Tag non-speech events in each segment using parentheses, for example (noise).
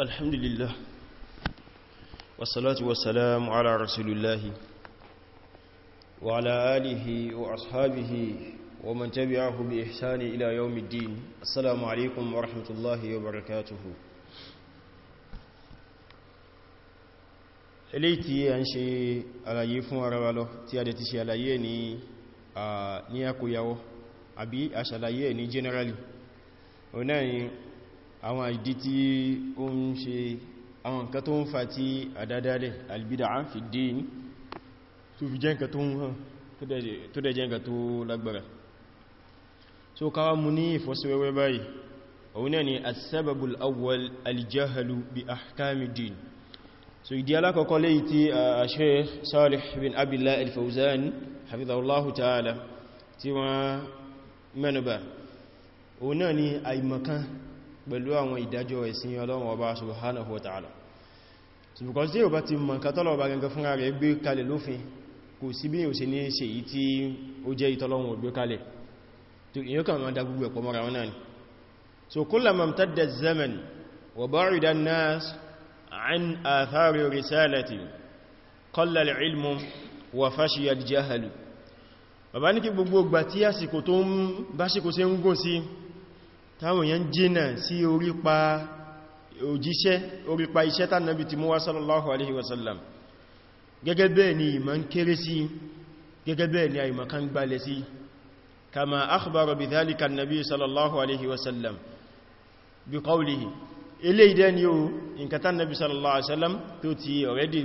الحمد لله والصلاة والسلام على رسول الله وعلى آله وأصحابه ومن تبعه بإحسان إلى يوم الدين السلام عليكم ورحمة الله وبركاته إليتي أن شيء àlàyé fún ara wa lọ tí a dẹ̀ ti ṣe àlàyé ní ní àwọn ìdí tí ó ń ṣe àwọn nǹkan tó ń fa tí àdádálẹ̀ albida'a fi dín tó fi jẹ́ nǹkan tó ń hàn tó dẹ̀ jẹ́ nǹkan tó lágbára so káwà mú ní ìfọ́síwẹ́wẹ́ báyìí òun náà ni asababul awwal aljahalu bi ahkami din so ìdí alákọ̀ọ́kọ́ lẹ́yìn tí òun náà ni àìmọ̀kan pẹ̀lú àwọn ìdájọ́ ẹ̀sìn Ọlọ́run Ọba subhanahu wa ta'ala ṣùgbọ́n tí ó bá ti mọ̀ katọ́lọ̀ ọba gẹngẹ fúnra rẹ̀ gbé kalẹ̀ lófin kò sí bí òsì ní ṣe yí tí ó jẹ́ ìtọ́lọ́run ògbé kalẹ̀ tó ìyẹn kan máa dá gbogbo ẹ̀pọ̀ mọ́ra wọn náà ni so kullama imtadda az-zaman wa táwọn èèyàn jìnà sí orípa òjíṣẹ́ orípa iṣẹ́ tánàbí ti mú wá sallallahu alaihi wasallam gẹ́gẹ́ bẹ́ẹ̀ ni ìmọ̀ ń kéré sí gẹ́gẹ́ bẹ́ẹ̀ ni àìmọ̀ kan gbalẹ̀ sí kama akhbara bi dhalika an-nabi sallallahu alaihi wasallam bi qawlihi ilé ìdẹ́ ni ó nǹkan tánàbí sallallahu alaihi wasallam tó ti already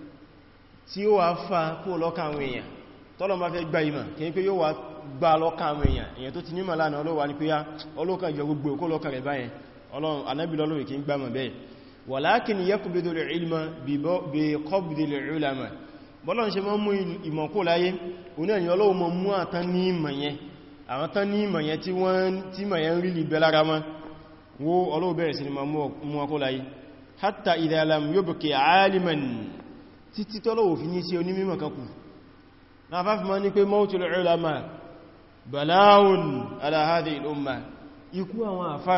tí ó wà fà kó lọ́kà àwọn èèyàn tọ́lọ ma fẹ́ gba ìmọ̀ kí ní pé yóò wà gba lọ́kà àwọn èèyàn èèyàn tó ti ní màlánà ọlọ́wà ní pé yá ah, ọlọ́kà ìjọ gbogbo kó lọ́kà rẹ̀ báyẹn ọlọ́run anábì lọ́lọ́run kí ń gbàmọ̀ bẹ́ẹ̀ walakin yaqbidu al-ilma bi qabdi al-ulama títí tọ́lọ̀wò fi ní sí onímọ̀ kakù na fáfí ma ní pé mautul ulama bala'un ala hadhihi al-umma ikú àwọn àfá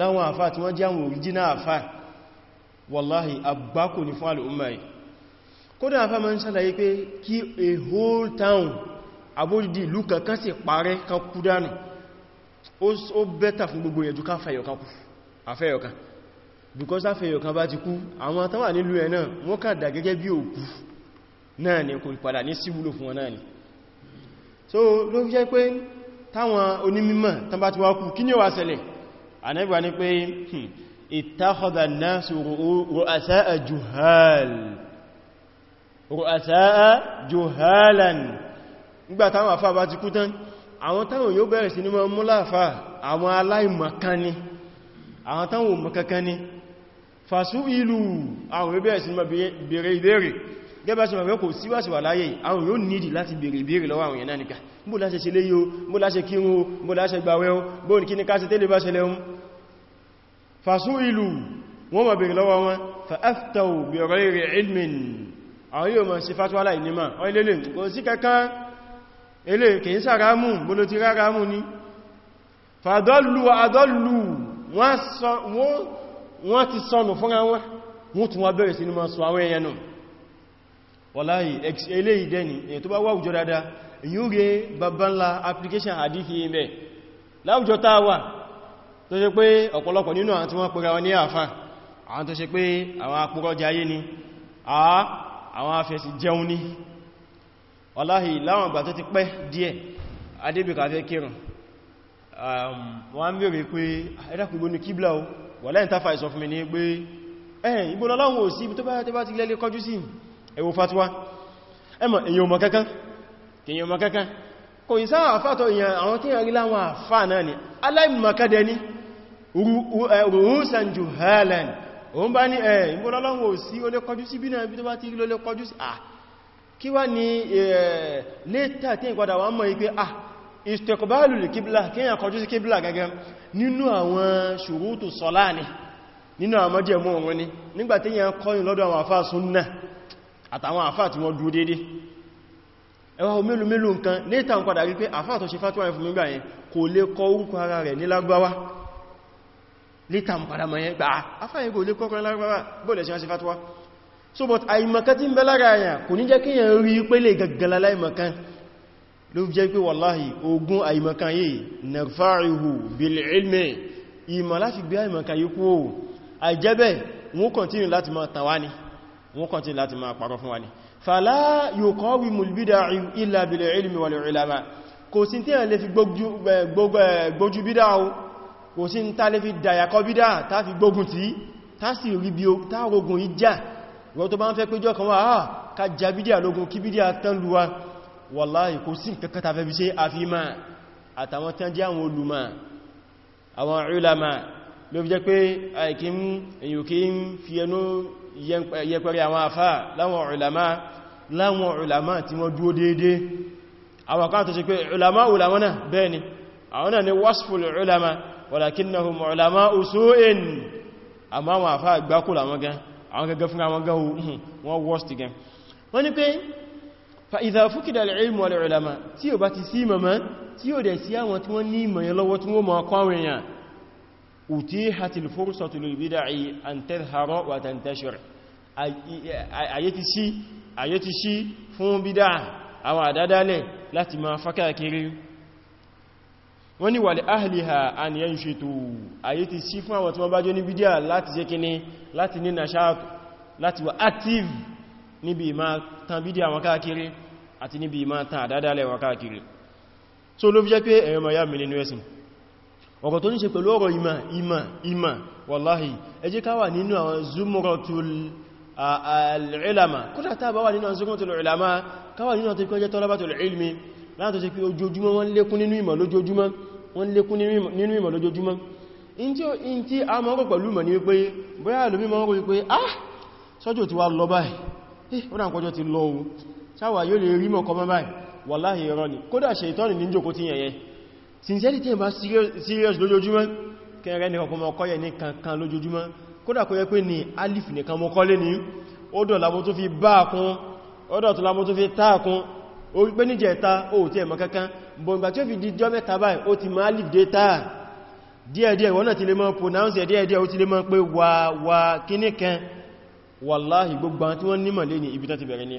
láwọn àfá tí wọ́n jẹ́ àwọn original àfá wallahi àgbákò ní fún al'umma yìí kódà àfá ma ń ṣàlàyé a whole town abódìdì ìlú kankan sì parẹ́ kan kú dánù ó bẹ́ta fún gbogbo ẹ̀jú ká because afẹ́yọ̀ kan bá ti kú àwọn àtàwà nílùú ẹ̀ náà wọ́n kàdà gẹ́gẹ́ bí òkú náà ni kò padà ní síwúlò fún wọn náà ni so ló fi jẹ́ pé táwọn onímímọ̀ tán bá ti wá kú kí ni ó wá ṣẹlẹ̀ Ànábì ní pé hmm, ittakhadha an-nasu ru'asa'a juhal ru'asa'a juhalan nígbà táwọn àfà bá ti kú tán àwọn táwọn yóò bẹ̀rẹ̀ sí àwọn aláìmọ̀kan ni àwọn táwọn mọ̀kankan ni fàṣú ìlú àwọn ẹgbẹ́ ẹ̀sìn ma bèèrè ìbéèrè gẹ́bà sí màbẹ́ kò síwáṣíwà láyé àwọn yóò nídì láti bèèrè ìbéèrè lọ́wọ́ àwọn èèyàn nìkan bó láṣẹ ṣe léyò bó láṣẹ kírun bó láṣẹ gbàwẹ̀ bó ní kíní káṣẹ tẹ́lẹ̀ bá ṣẹlẹ̀ ohun fàṣú ìlú wọ́n ma bèèrè lọ́wọ́ wọn fa'aftau bi ghayri ilmin àwọn yóò ma ṣe fatwa láì níma ọ ilé kò sí kankan ilé kìí sàrámù bolo ti rárámù ni fàdọ́lù àdọ́lù wọ́n wọ́n ti sọnù fúnra wọn mú tún wọ́n bẹ̀rẹ̀ sí ní ma sọ àwọn èèyàn náà wọ́láyìí eléyìí dẹni èyàn tó bá wà àwùjọ dáadáa yíò rẹ babanla application hadithi ibẹ̀ láwùjọ táà wà tó ṣe pé ọ̀pọ̀lọpọ̀ nínú àwọn tí wọ́n pẹ̀rẹ̀ wọn ní àfà àwọn tó ṣe pé àwọn apúrọ́jà ayé ni àwọn afẹ́sì jẹun ní wọ́láyìí láwọn ìgbà tó ti pẹ́ díẹ̀ adébìkà fẹ́ kírùn wọ́n ń wà lẹ́yìn tàfà ìsọ fún mi ní pé ẹ̀yìn ìgbóná láwọn ò sí ibi tó bá tẹ́ bá ti lẹ́lẹ́ kọjú sí ẹwọ fatuwa ẹmọ̀ èyàn ọmọ kankan èyàn ọmọ kankan kò yí sáà àfàtọ̀ èyàn àwọn tí yàn rí láwọn àfà ni aláìmọ̀kẹ́dẹ ní rúúsàn jù hẹ́lẹ̀n òun bá ní ẹ̀ ìgbóná láwọn ò sí olé kọjú sí bínú istiqbalu li kíblà kíyàn kọjú sí kíblà gẹ́gẹ́ nínú àwọn ṣùrútù sọlá ni nínú àwọn mọ́jẹ̀mú wọn ni nígbàtí yàn kọyìn lọ́dọ̀ àwọn àfáà súnnà àtàwọn àfáà tí wọ́n dúró dédé ẹwà mélòó mélòó nǹkan létà ń padà rí pé àfáà tó ṣe fàtíwà fún nígbà yẹn kò lè kọ orúkọ ara rẹ̀ ní lágbáwá létà ń padà mọ̀ yẹn gbà ah, àfáà yẹn kò lè ló jẹ́ pé wàláhì ogun àìmọ̀kanyé nàfàáìhù bil'ilmi ìmọ̀ láti gbé àìmọ̀kanyé kú o àìjẹ́bẹ̀ wọ́n kọ̀ntínú láti máa tàwá ni wọ́n kọ̀ntínú láti máa parọ́ fún wa ni fàlá yuqawimul bid'u illa bil'ilmi wal ulama kò sí tí a lè fi gbójú bídá o kò sí ta lè fi dàyàkọ bídá ta wàláhì kò sí kankan tàfẹ́ fi ṣe àfíìmá àtàwọn tán jẹ́ àwọn olùmá àwọn ulama ló fi jẹ́ pé àìkín èyòkí ń fi ẹnu yẹpẹrẹ àwọn àfá láwọn ulama láwọn ulama tí wọ́n dúó déédéé àwọn kan tó ṣe pé ulama ulama náà bẹ́ẹ̀ ni àwọn náà ni wọ́n ni pé فإذا فقد العلم والعلماء tí ó bá ti sí mọ̀mọ́ tí ó dẹ̀ sí àwọn tí wọ́n ní ìmọ̀ yẹn lọ́wọ́ tí wọ́n máa kọ́ àwọn èèyàn أتيحت الفرصة للبدع أن تظهر وتنتشر ayé ti ṣí ayé ti ṣí fún bídá àwọn àdádálẹ̀ láti máa fákà kiri wọ́n ni wà lè ahliha an yanshitu ayé ti ṣí fún àwọn tí wọ́n bá jọ ní bídá láti jẹ́ kíní láti ní nashat láti wà active níbi ma tàn bídá àwọn káàkiri àti níbi ìmá ta àdádálẹ̀ wà káàkiri so ló fi jẹ́ pé ẹ̀yọ́ maya mi nínú ẹ̀sìn ọ̀rọ̀ tó ní ṣe pẹ̀lú ọ̀rọ̀ ìmá ìmá ìmá wàláhì ẹ jẹ́ ká wà nínú àwọn zumratul ulama kódà tá bá wà nínú zumratul ulama ká wà nínú àti kọjẹ́ talabatul ilmi láti ṣe pé ojoojúmọ́ wọ́n lékún nínú ìmọ̀ lójoojúmọ́ wọ́n lékún nínú ìmọ̀ lójoojúmọ́ in tí a ah sọ́jọ́ ti wá lọ báyìí eh ó ti lọ ohun sáwà yóò lè rí mọ̀ kọmọ báyìí wàláhì irọ́ ni kódà ṣètọ́nì ní jòkó tí yẹ̀yẹ sincerity bá serious lójoojúmọ́ kẹrẹ ní ọkọ̀ mọ́kọ́yẹ ní kankan lójoojúmọ́ kódà kó yẹ pé ní alif nìkan mọ́kọ́lé ní ọdọ̀ labó tó fi bá kún ọdọ̀ tó labó tó fi tá kún orí pé níjẹta ó tí ẹ̀mọ́ kankan bọ̀ ìgbà tí ó fi di jọ mẹ́ta báyìí ó ti máa alif dé táà díẹ̀díẹ̀ wọ́n náà ti lè mọ́ pronounce ẹ̀ díẹ̀díẹ̀ ó ti lè mọ́ ibi tán ti bẹ̀rẹ̀ ní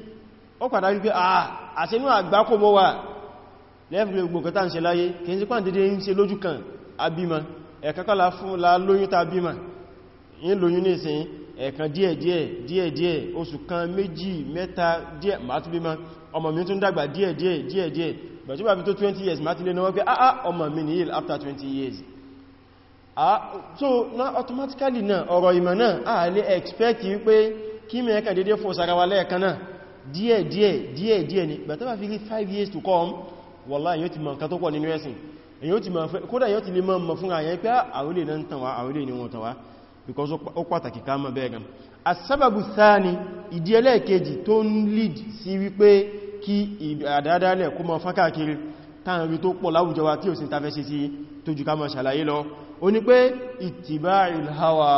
ó padà rí pé àà ah, àṣínú àgbákò mọ́ wà lẹ́fìlẹ̀ gbogbo kẹta ń ṣe láyé kìí sí pàdé dé ń ṣe lójú kan abímọ ẹ̀kọ́kọ́lá fún la lóyún ta bímọ yí lóyún ní ìsìn ẹ̀kan díẹ̀ díẹ̀ díẹ̀ díẹ̀ oṣù kan méjì mẹ́ta díẹ̀ máa tún bímọ ọmọ mi tún dàgbà díẹ̀ díẹ̀ years máa ti lé ah ah ọmọ after 20 years ah so na automatically náà ọ̀rọ̀ ìmọ̀ náà a lè expect wípé kí mẹ́ẹ̀kan dédé fún sarawa lẹ́ẹ̀kan náà díẹ̀ díẹ̀ díẹ̀ díẹ̀ ni bàtà bá fi rí 5 years to come wọ́lá yóò ti mọ̀ nǹkan tó pọ̀ nínú ẹ̀sìn èyí ó ti mọ̀ kódà yóò ti lè mọ̀ mọ̀ fúnra yẹn pé ah, àwílé náà tàn àwílé ni wọ́n tàn because ó pàtàkì ká mọ̀ bẹ́ẹ̀ gan asábàbù sáàni ìdí ẹlẹ́ẹ̀kejì tó ń lead sí wípé kí àdádálẹ̀ kó mọ fákàkiri táwọn ibi tó pọ̀ láwùjọ wa tí ò sí ta fẹ́ sí sí tó jù ká mọ̀ ṣàlàyé lọ ó ní pé ìtìbá ìlhàwà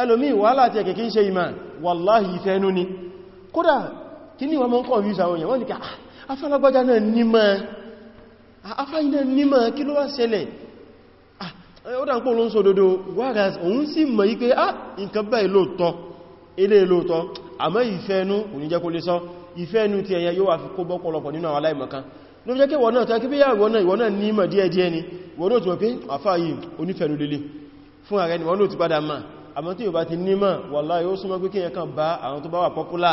ẹlòmí wàhálà tí ẹ̀kẹ̀kẹ́ ń ṣe ìmà wàláhì ìfẹ́nú ni kódà kí ah, ní wọ́n mọ́ ń kọ̀ yíṣà wọ́n yẹ̀ wọ́n ni kí afálágbájá náà nímọ̀ afáyínà nímọ̀ kí ló wá ṣẹlẹ̀ ah, ó dá ń pọ̀ ló ń sọ dodo whereas òun sì mọ̀ yí pé á ah, nǹkan báyìí lóòtọ́ ilé lóòtọ́ àmọ́ ìfẹ́nu kò ní jẹ́ kó lè sọ ìfẹ́nu ti ẹ̀yẹ yóò wà fi kó bọ́pọ̀lọpọ̀ nínú àwọn aláìmọ̀kan ló jẹ́ kí wọ́n náà tán kí bí yàwó náà ìwọ̀n náà nímọ̀ díẹ̀díẹ̀ tí yóò bá ti nímọ̀ wàlá yóò súnmọ́ pé kí ẹ̀kan bá àwọn tó bá wà pọ́pùlà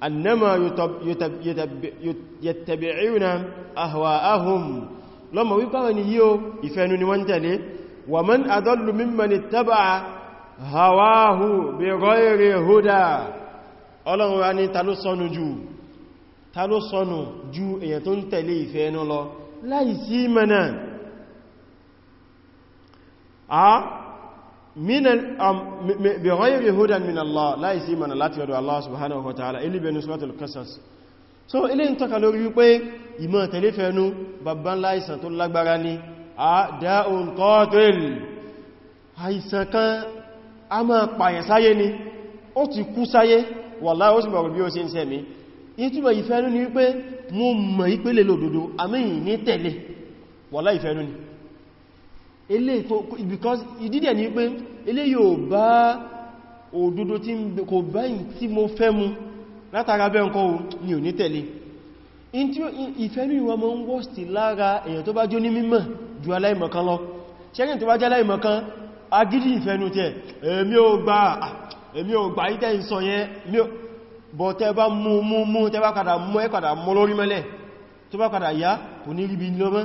annama yattabi'una ahwa'ahum lọ́mọ wípáwà ni yíò ìfẹ́nu ni wọ́n tẹ̀lé wa man adallu mimman ittaba'a hawahu bighayri huda ọlọ́run wa ni ta ló sọnù jù ta ló sọnù jù èyàn tó ń tẹ̀lé ìfẹ́nu lọ láìsí mẹ́nà bí ghayri hudan min Allah láì sí mana láti ọdọ̀ Allah subhanahu wa ta'ala ilé bẹnu suratul qasas so ilé ń tọ́ka lórí wípé ìmọ̀ tẹ̀léfẹ́nu babban láìsàn tó lágbára ní a dáun qatil àìsàn kan a máa pààyàn sáyé ni ó ti kú sáyé wallahi ó ele because ìdídẹ̀ ní pé ele yóò bá òdodo tí kò báyìí tí mo fẹ́ mu látara bẹ́ ǹkan ni ò ní tẹ̀lé in tí ìfẹ́nú ìwọ mọ́ ń wọ́stì lára èyàn tó bá jó ní mímọ̀ ju aláìmọ̀kan lọ ṣẹ́yìn tó bá jẹ́ aláìmọ̀kan agídí ìfẹ́nú tẹ́ èmi ò gbà èmi ò gbà ìtẹ́ ìsọ yẹn bọ̀ tẹ́ bá mú mú mú tẹ́ bá kàdà mú ẹ́ kàdà mọ́ lórí mẹ́lẹ̀ tó bá kàdà yá kò ní ríbi lọ́mọ́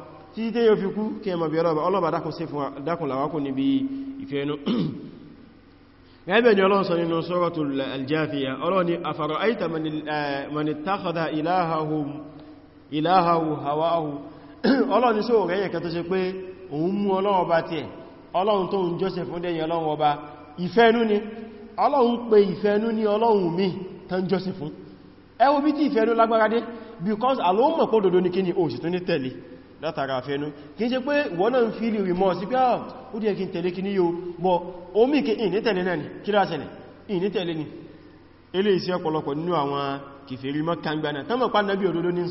títí yóò fi kú kí ẹmọ̀ bí ọlọ́bà dákùn làwákù níbi ìfẹ́ẹnú (clears throat) gẹ́gẹ́ ni ọlọ́run sọ nínú suratul al-Jathiyah ọlọ́run ni afara'ayta man ittakhadha ilahahu hawahu (clears throat) ọlọ́run ni sóò rẹ̀yẹ̀ kẹta ṣe pé òun mú ọlọ́run ọba tiẹ̀ ọlọ́run tó ń jọ́sẹ̀ ni ọlọ́run pé ìfẹ́ẹnú ni ọlọ́run mi tán jọ́sẹ̀ fún ẹ wo because àlọ́ mọ̀ pọ̀ dòdó ní ni òṣìtún látara afẹ́nú kìí ṣe pé wọ́n náà ń fi lè rí mọ́ sí pé àà ah, ó díẹ̀ kí n tẹ̀lé kí ní yóò bọ̀ omi kí ní tẹ̀lé náà ni kí lásẹ̀lẹ̀ ní tẹ̀lé ni ilé iṣẹ́ ọ̀pọ̀lọpọ̀ nínú àwọn kìfèrí mọ́ kangbana tánmọ̀ pa nàbí òdodo ní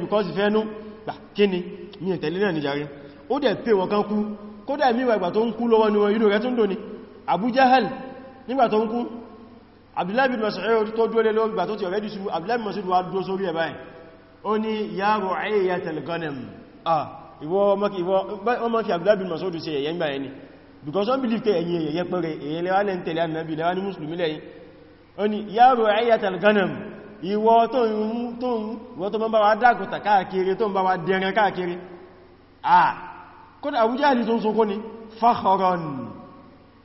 because ìfẹ́nú gbà kí ni ní ìtẹ̀lé náà ni jàre ó dẹ̀ pé wọn kan kú kódà míwà ìgbà tó ń kú lọ́wọ́ ni wọn inú rẹ̀ tó ń dò ní Abu Jahal nígbà tó Abdullahi bin Mas'ud tó dúró lé lórí ti ọ̀rẹ́dì ṣubú Abdullahi bin Mas'ud wá dúró sórí ẹ̀ báyìí ó ní ya ru'ayyatal ghanam ah ìwọ ọmọkí abdullahi masoud ṣe ẹ̀yẹ gbà ẹni because one believe pé ẹ̀yìn ẹ̀yẹ pẹ̀rẹ̀ èyẹ lẹ́wà lẹ́ tẹ̀lé annabi lẹ́wà ní musulmi lẹ́yìn ó ní ya ru'ayyatal ghanam ìwọ tó ń bá wa dákùtà káàkiri tó ń bá wa dẹran káàkiri ah kódà Abu Jahli tó ń sokó ni fakhoron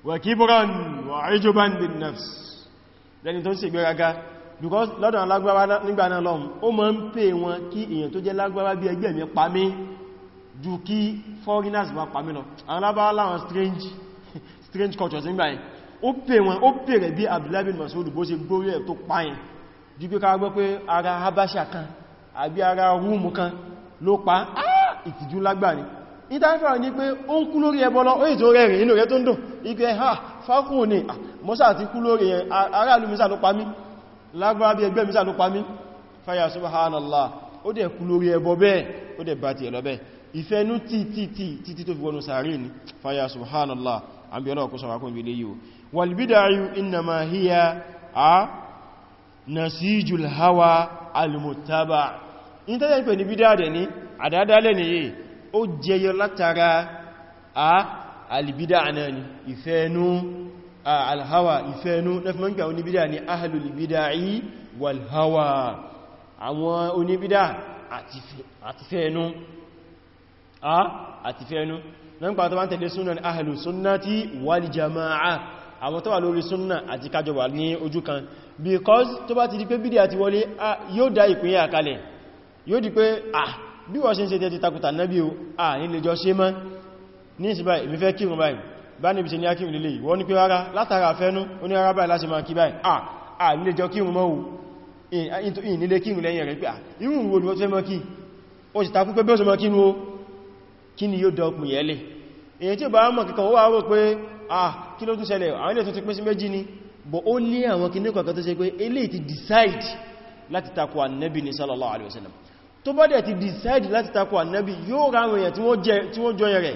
wa kibron wa ijuban bin nafs lẹni tó ń ṣègbéraga because lọ́dọ̀ lágbára nígbà náà lọ́m ó máa ń pè wọn kí èyàn tó jẹ́ lágbára bí ẹgbẹ́ mi pa mí kí foreigners bá pa mí lọ àwọn lábára láwọn strange (laughs) strange cultures nígbà yẹn ó pè wọn ó pè rẹ̀ bí Abdullah bin Mas'ud bó ṣe gbórí ẹ̀ tó páyẹn ju pé ká gbọ́ pé ara Habasha kan àbí ara Rúmù kan ló pa ah! ìtìjú lágbà ni ìtàfà ní pé ó ń kú lórí ẹbọ lọ oèdò rẹ̀ ha ah! fákùn ní ah! mọ́sá àti kú lórí ẹ̀ ará alúmísà ló pa lágbára bí ẹgbẹ́ mísà ló pa mí fáyà subhanallah ó dẹ̀ kú lórí ẹbọ bẹ́ẹ̀ ó dẹ̀ bá ti ẹ̀lọ bẹ́ẹ̀ ìfẹ́nú tí tí tí tí tí tó fi wọnú sàárì ní fáyà subhanallah an bí ọlọ́ọ̀kú sọ̀rọ̀kún ilé yíò walbidayu innama hiya a nasijul hawa almuttaba alhawa ìfẹ́nú lẹ́fẹ́ mọ́nkà oníbídà ni ahlul bida'i wal hawa àwọn oníbídà àti fẹ́nú a àti fẹ́nú lọ́nkà tó bá ń tẹ̀lé súnnà ni ahlul sunnati wal jama'a àwọn tó wà lórí súnnà àti kájọwà ní ojú kan because tó bá ti di pé bídí àti wọlé yóò dá ìpínyà kalẹ̀ yóò di pé ah bí wọ́n ṣe ń ṣe tẹ́ ti takuta náà bí o ah nílé jọ ṣe mọ́ ní ìsìnbáyìí mi fẹ́ kírùn báyìí bá níbi ṣe ní akíwì lè wọ́n ní pé rárá látara fẹ́nú ó ní rárá báyìí láti máa kí báyìí à nílé jọ kí mọ́ ìnílé kí lẹ́yìn rẹ̀ pé à irun wo ni wọ́n tẹ́ mọ́ kí ó sì takú pé bí ó sì mọ́ kí ní ó kí ni yóò dọ̀pù ni bọ̀ ó ní àwọn kí ní decide láti takò annabi ni sallallahu alaihi wasallam tó bá dẹ̀ ti decide láti takò annabi yóò ráwọn èèyàn tí wọ́n jọ yẹrẹ̀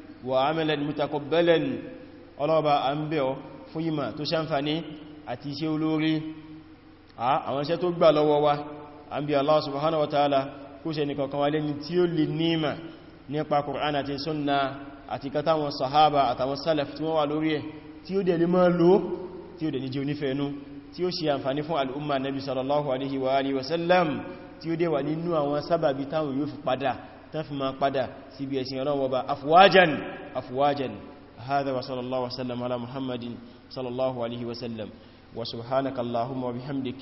wa amalan mutakabbalan ọlọ́ba a ń bẹ̀ ọ fún ìmọ̀ tó ṣàǹfàní àti iṣẹ́ olórí àwọn iṣẹ́ tó gbà wa a Allah subhanahu wa ta'ala kó ṣe ní kọ̀kan wálé ní tí ó lè níma nípa Qur'an ati sunna àti katáwọn sahaba àtàwọn salaf tí wọ́n wà lórí ẹ̀ tí ó dẹ̀ lè máa lò tí ó dẹ̀ ní jẹ́ onífẹ́ẹ̀nú tí ó ṣe àǹfàní fún al'umma nabi sallallahu alaihi wa alihi wasallam tí ó dẹ̀ wà nínú àwọn sábàbí táwọn yóò fi padà tán fi ma padà síbi ẹ̀sìn ọlọ́wọ́ هذا وصلى الله وسلم على محمد صلى الله عليه وسلم وسبحانك اللهم وبحمدك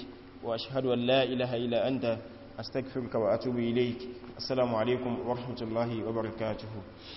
وأشهد أن لا إله إلا أنت أستغفرك وأتوب إليك السلام عليكم ورحمة الله وبركاته